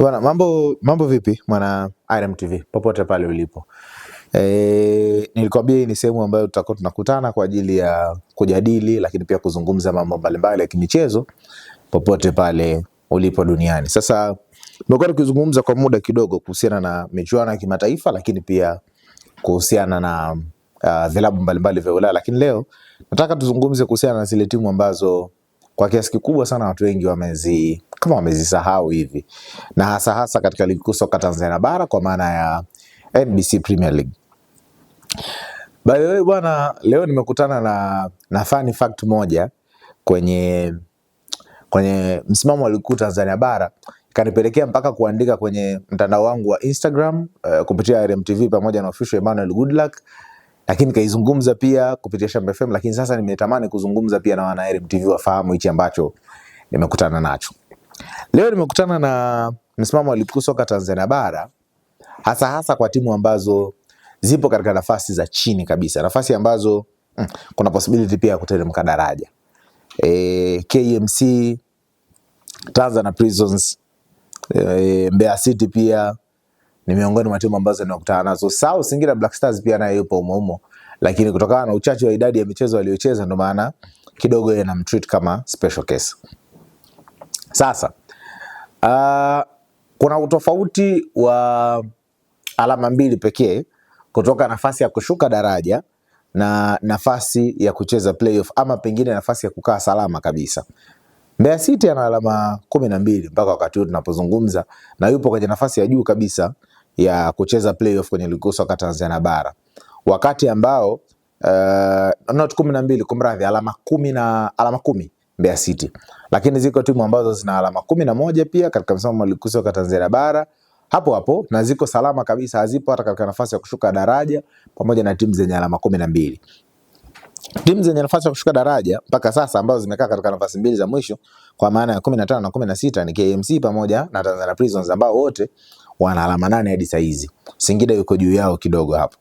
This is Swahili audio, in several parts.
Bwana, mambo mambo vipi mwana Irem TV popote pale ulipo. E, nilikwambia hii ni sehemu ambayo tutakuwa tunakutana kwa ajili ya kujadili lakini pia kuzungumza mambo mbalimbali ya kimichezo popote pale ulipo duniani. Sasa tumekuwa tukizungumza kwa muda kidogo kuhusiana na michuano ya kimataifa lakini pia kuhusiana na uh, vilabu mbalimbali vya Ulaya, lakini leo nataka tuzungumze kuhusiana na zile timu ambazo kwa kiasi kikubwa sana watu wengi wamezi kama wamezisahau hivi, na hasa hasa katika ligi kuu soka Tanzania bara kwa maana ya NBC Premier League. By the way bwana, leo nimekutana na, na funny fact moja kwenye kwenye msimamo wa ligi kuu Tanzania bara ikanipelekea mpaka kuandika kwenye mtandao wangu wa Instagram uh, kupitia RMTV pamoja na official Emmanuel Goodluck lakini kaizungumza pia kupitia Shamba FM, lakini sasa nimetamani kuzungumza pia na wana Irem TV wafahamu hichi ambacho nimekutana nacho leo. Nimekutana na msimamo wa ligi kuu soka Tanzania bara hasa hasa kwa timu ambazo zipo katika nafasi za chini kabisa, nafasi ambazo mm, kuna possibility pia ya kuteremka daraja e, KMC, Tanzania Prisons, e, Mbeya City pia ni miongoni mwa timu ambazo nimekutana nazo. Sawa, Singida Black Stars pia nayo yupo umo umo, lakini kutokana na uchache wa idadi ya michezo aliyocheza ndo maana kidogo yeye namtreat kama special case. Sasa uh, kuna utofauti wa alama mbili pekee kutoka nafasi ya kushuka daraja na nafasi ya kucheza playoff ama pengine nafasi ya kukaa salama kabisa. Mbeya City ana alama kumi na mbili mpaka wakati huu tunapozungumza, na yupo kwenye nafasi ya juu kabisa ya kucheza playoff kwenye ligi kuu soka Tanzania bara wakati ambao uh, not kumi na mbili kumradhi, alama kumi na alama kumi Mbeya City, lakini ziko timu ambazo zina alama kumi na moja pia katika msimamo wa ligi kuu soka Tanzania bara hapo hapo na ziko salama kabisa, hazipo hata katika nafasi ya kushuka daraja, pamoja na timu zenye alama kumi na mbili. Timu zenye nafasi ya kushuka daraja mpaka sasa ambazo zimekaa katika nafasi mbili za mwisho kwa maana ya 15 na 16 ni KMC pamoja na Tanzania Prisons ambao wote wana alama nane hadi saizi. Singida yuko juu yao kidogo hapo.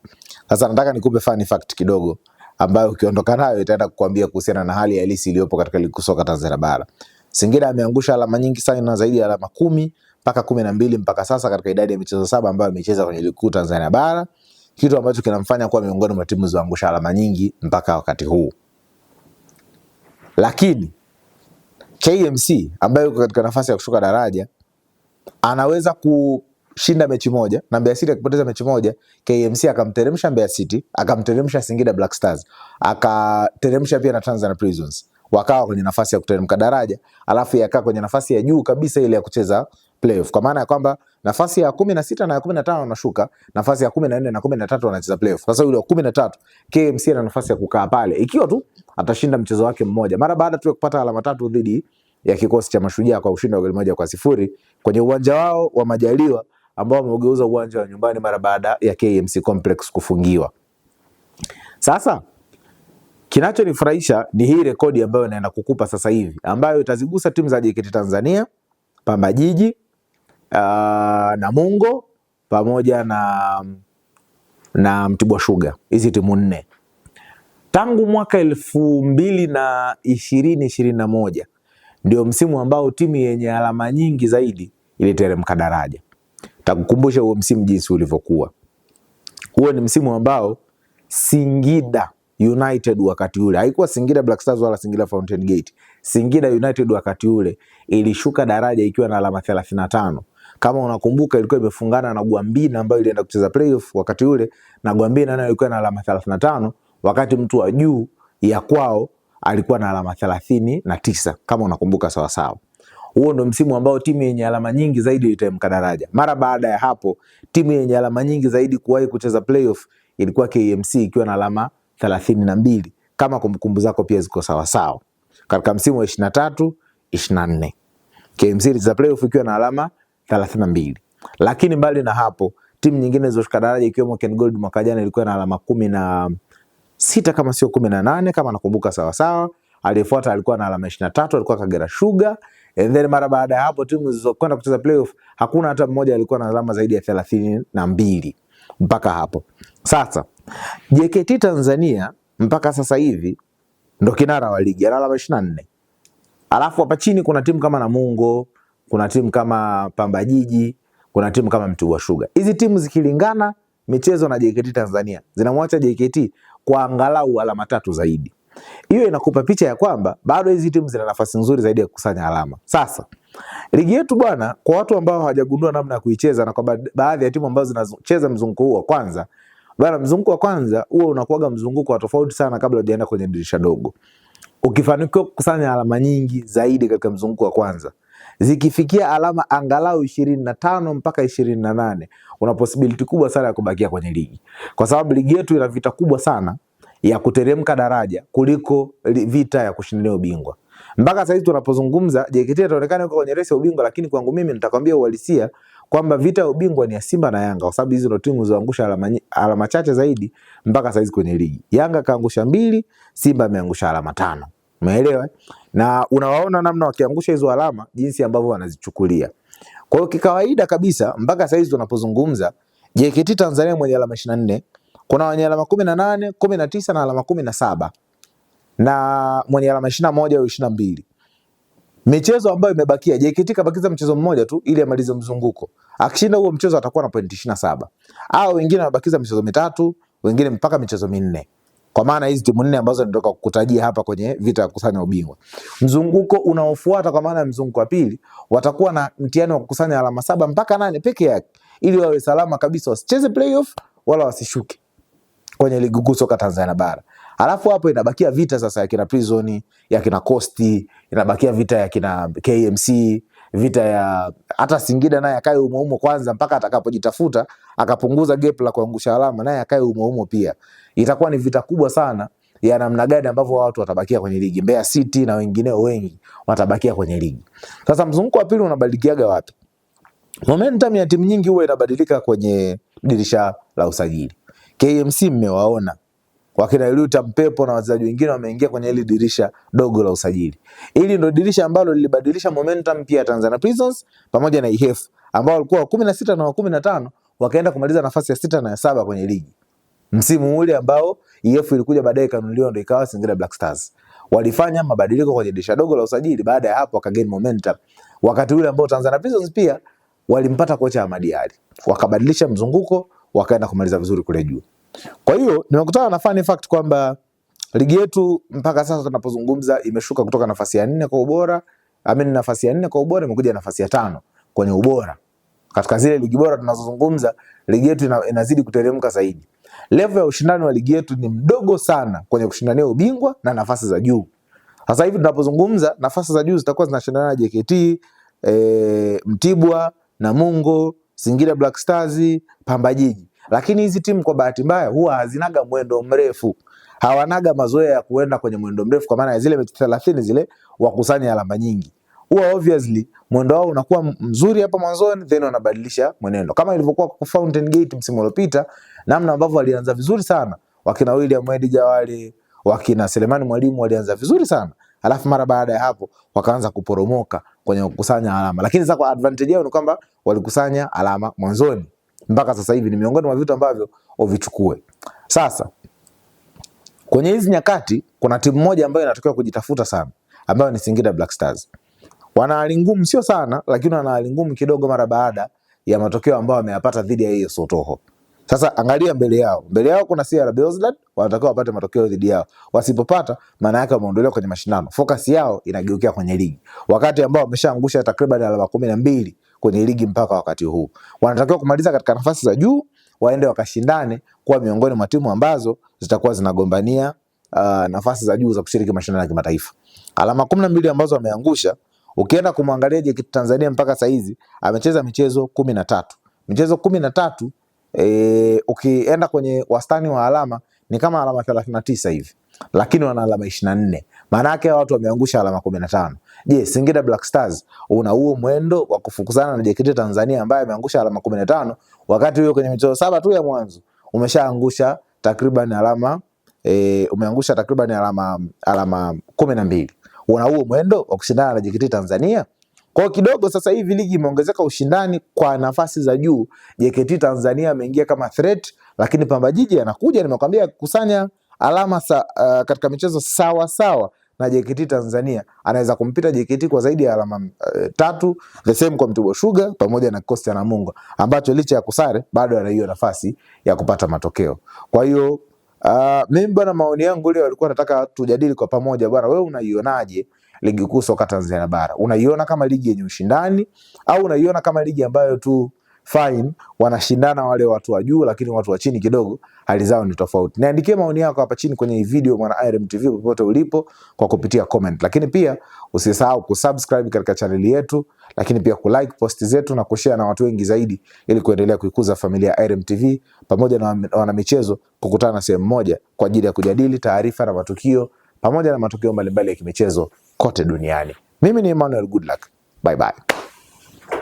Sasa nataka nikupe fun fact kidogo ambayo ukiondoka nayo itaenda kukuambia kuhusiana na hali halisi iliyopo katika ligi soka Tanzania bara. Singida ameangusha alama nyingi sana zaidi ya alama kumi mpaka kumi na mbili mpaka sasa katika idadi ya michezo saba ambayo amecheza kwenye ligi kuu Tanzania bara, kitu ambacho kinamfanya kuwa miongoni mwa timu zilizoangusha alama nyingi mpaka wakati huu. Lakini KMC ambayo yuko katika nafasi ya kushuka daraja anaweza ku kushinda mechi moja na Mbeya City akipoteza mechi moja, KMC akamteremsha Mbeya City, akamteremsha Singida Black Stars, akateremsha pia na Tanzania Prisons, wakawa kwenye nafasi ya kuteremka daraja, alafu yakaa kwenye nafasi ya juu kabisa ile ya kucheza playoff, kwa maana ya kwamba nafasi ya kumi na sita na ya kumi na tano wanashuka, nafasi ya kumi na nne na kumi na tatu wanacheza playoff. Sasa yule wa kumi na tatu KMC ana nafasi ya kukaa pale ikiwa tu atashinda mchezo wake mmoja, mara baada tu ya kupata alama tatu dhidi ya kikosi cha Mashujaa kwa ushindi wa goli moja kwa sifuri kwenye uwanja wao wa Majaliwa ambao wameugeuza uwanja wa nyumbani mara baada ya KMC Complex kufungiwa. Sasa kinachonifurahisha ni hii rekodi ambayo naenda kukupa sasa hivi ambayo itazigusa timu za JKT Tanzania, Pamba Jiji, uh, Namungo pamoja na, na Mtibwa Sugar. Hizi timu nne tangu mwaka elfu mbili na ishirini ishirini na moja ndio msimu ambao timu yenye alama nyingi zaidi iliteremka daraja. Takukumbusha huo msimu jinsi ulivyokuwa. Huo ni msimu ambao Singida United wakati ule haikuwa Singida Black Stars wala Singida Fountain Gate. Singida United wakati ule ilishuka daraja ikiwa na alama 35. Kama unakumbuka, ilikuwa imefungana na Gwambina ambayo ilienda kucheza playoff wakati ule, na Gwambina nayo ilikuwa na alama 35, wakati mtu wa juu ya kwao alikuwa na alama 39 kama unakumbuka sawasawa huo ndo msimu ambao timu yenye alama nyingi zaidi itaamka daraja. Mara baada ya hapo, timu yenye alama nyingi zaidi kuwahi kucheza playoff ilikuwa KMC ikiwa na alama thelathini na mbili kama kumbukumbu zako pia ziko sawasawa. Katika msimu wa ishirini na tatu ishirini na nne KMC ilicheza playoff ikiwa na alama thelathini na mbili lakini mbali na hapo timu nyingine zilizoshuka daraja ikiwemo Ken Gold mwaka jana ilikuwa na alama kumi na sita kama sio kumi na nane kama nakumbuka sawasawa aliyefuata alikuwa na alama na tatu alikuwa Kagera Sugar. And then mara baada ya hapo timu zilizokwenda kucheza playoff hakuna hata mmoja alikuwa na alama zaidi ya thelathini na mbili mpaka hapo sasa. JKT Tanzania mpaka sasa hivi ndo kinara wa ligi ana alama na nne Alafu hapa chini kuna timu kama Namungo, kuna timu kama Pamba Jiji, kuna timu kama Mtibwa Sugar. Hizi timu zikilingana michezo na JKT Tanzania zinamwacha JKT kwa angalau alama tatu zaidi. Hiyo inakupa picha ya kwamba bado hizi timu zina nafasi nzuri zaidi ya kukusanya alama. Sasa ligi yetu bwana, kwa watu ambao hawajagundua namna ya kuicheza na kwa baadhi ya timu ambazo zinacheza mzunguko huu wa kwanza bwana, mzunguko wa kwanza huo unakuwaga mzunguko wa tofauti sana kabla hujaenda kwenye dirisha dogo. Ukifanikiwa kukusanya alama nyingi zaidi katika mzunguko wa kwanza zikifikia alama angalau ishirini na tano mpaka ishirini na nane una posibiliti kubwa sana ya kubakia kwenye ligi, kwa sababu ligi yetu ina vita kubwa sana ya kuteremka daraja kuliko vita ya kushindania ubingwa. Mpaka sasa hivi tunapozungumza, JKT ataonekana yuko kwenye resi ya ubingwa, lakini kwangu mimi nitakwambia uhalisia kwamba vita ya ubingwa ni ya Simba na Yanga kwa sababu hizo ndio timu zilizoangusha alama, alama chache zaidi mpaka sasa hivi kwenye ligi. Yanga kaangusha mbili, Simba ameangusha alama tano. Umeelewa? Na unawaona namna wakiangusha hizo alama jinsi ambavyo wanazichukulia. Kwa hiyo kikawaida kabisa mpaka sasa hivi tunapozungumza JKT Tanzania mwenye alama 24 kuna wenye alama kumi na nane, kumi na tisa na alama kumi na saba na mwenye alama ishirini na moja au ishirini na mbili. Michezo ambayo imebakia, JKT kabakiza mchezo mmoja tu ili amalize mzunguko. Akishinda huo mchezo atakuwa na pointi 27. na Hao wengine wamebakiza michezo mitatu, wengine mpaka michezo minne. Kwa maana hizi timu nne ambazo nitoka kukutajia hapa kwenye vita ya kukusanya ubingwa. Mzunguko unaofuata kwa maana ya mzunguko wa pili watakuwa na mtihani wa kukusanya alama saba mpaka nane peke yake ili wawe salama kabisa wasicheze playoff wala wasishuke kwenye ligi kuu soka Tanzania bara. Alafu hapo inabakia vita sasa ya kina Prison, ya kina Coast, inabakia vita ya kina KMC, vita ya hata Singida naye akae umo umo kwanza mpaka atakapojitafuta akapunguza gap la kuangusha alama naye akae umo umo pia. Itakuwa ni vita kubwa sana ya namna gani ambavyo watu watabakia kwenye ligi. Mbeya City na wengineo wengi watabakia kwenye ligi. Sasa mzunguko wa pili unabadilikiaga wapi? Momentum ya timu nyingi huwa inabadilika kwenye dirisha la usajili. KMC mmewaona wakina Luta Mpepo na wachezaji wengine wameingia kwenye hili dirisha dogo la usajili. Hili ndio dirisha ambalo lilibadilisha momentum pia Tanzania Prisons pamoja na IHF ambao walikuwa wa 16 na wa 15 wakaenda kumaliza nafasi ya sita na ya saba kwenye ligi. Msimu ule ambao IHF ilikuja baadaye ikanunuliwa ndio ikawa Singida Black Stars. Walifanya mabadiliko kwenye dirisha dogo la usajili, baada ya hapo wakagain momentum. Wakati ule ambao Tanzania Prisons pia walimpata kocha Ahmad Ally. Wakabadilisha mzunguko wakaenda kumaliza vizuri kule juu. Kwa hiyo nimekutana na fun fact kwamba ligi yetu mpaka sasa tunapozungumza imeshuka kutoka nafasi ya nne kwa ubora, amini nafasi ya nne kwa ubora imekuja nafasi ya tano kwenye ubora. Katika zile ligi bora tunazozungumza, ligi yetu ina, inazidi kuteremka zaidi. Level ya ushindani wa ligi yetu ni mdogo sana kwenye kushindania ubingwa na nafasi za juu. Sasa hivi tunapozungumza, nafasi za juu zitakuwa zinashindana na JKT, e, eh, Mtibwa, Namungo, Singida Black Stars, Pamba Jiji. Lakini hizi timu kwa bahati mbaya huwa hazinaga mwendo mrefu, hawanaga mazoea ya kuenda kwenye mwendo mrefu, kwa maana ya zile mechi 30 zile wakusanya alama nyingi. Huwa obviously mwendo wao unakuwa mzuri hapa mwanzoni, then wanabadilisha mwenendo, kama ilivyokuwa kwa Fountain Gate msimu uliopita, namna ambavyo walianza vizuri sana wakina William Edija Jawali, wakina Selemani Mwalimu walianza vizuri sana, alafu mara baada ya hapo wakaanza kuporomoka kwenye kukusanya alama. Lakini sasa kwa advantage yao ni kwamba walikusanya alama mwanzoni mpaka sasa hivi ni miongoni mwa vitu ambavyo uvichukue. Sasa kwenye hizi nyakati kuna timu moja ambayo inatakiwa kujitafuta sana ambayo ni Singida Black Stars. Wana hali ngumu sio sana, lakini wana hali ngumu kidogo mara baada ya matokeo ambayo wameyapata dhidi ya hiyo Sotoho. Sasa angalia mbele yao, mbele yao kuna CR Belouizdad wanatakiwa wapate matokeo dhidi yao, wasipopata maana yake wameondolewa kwenye mashindano, focus yao inageukia kwenye ligi, wakati ambao wameshaangusha takriban alama kumi na mbili kwenye ligi mpaka wakati huu. Wanatakiwa kumaliza katika nafasi za juu, waende wakashindane kuwa miongoni mwa timu ambazo zitakuwa zinagombania uh, nafasi za juu za kushiriki mashindano ya kimataifa. Alama kumi na mbili ambazo wameangusha, ukienda kumwangalia JKT Tanzania mpaka saizi amecheza michezo kumi na tatu michezo kumi na tatu eh, ukienda kwenye wastani wa alama ni kama alama 39 na tisa hivi lakini wana alama 24. na nne maana yake watu wameangusha alama kumi na tano. Je, Singida Black Stars una huo mwendo wa kufukuzana na JKT Tanzania ambaye ameangusha alama kumi na tano wakati huyo kwenye michezo saba tu ya mwanzo umeshaangusha takriban alama e, umeangusha takriban alama alama kumi na mbili. Una huo mwendo wa kushindana na JKT Tanzania? Kwa kidogo sasa hivi ligi imeongezeka ushindani kwa nafasi za juu. JKT Tanzania ameingia kama threat, lakini Pamba Jiji anakuja, nimekwambia kusanya alama sa, uh, katika michezo sawa sawa na JKT Tanzania anaweza kumpita JKT kwa zaidi ya alama uh, tatu. The same kwa Mtibwa Sugar pamoja na Coastal Namungo ambacho licha ya kusare bado ana hiyo nafasi ya kupata matokeo. Kwa hiyo uh, mimi bwana, maoni yangu leo walikuwa nataka tujadili kwa pamoja bwana, wewe unaionaje ligi kuu soka Tanzania bara. Unaiona kama ligi yenye ushindani au unaiona kama ligi ambayo tu fine wanashindana wale watu wa juu, lakini watu wa chini kidogo hali zao ni tofauti? Niandikie maoni yako hapa chini kwenye hii video mwana IREM TV popote ulipo kwa kupitia comment, lakini pia usisahau kusubscribe katika chaneli yetu, lakini pia kulike posti zetu na kushare na watu wengi zaidi, ili kuendelea kuikuza familia ya IREM TV pamoja na wanamichezo kukutana sehemu moja kwa ajili ya kujadili taarifa na matukio pamoja na matukio mbalimbali ya kimichezo kote duniani. Mimi ni Emmanuel Goodluck. Bye bye.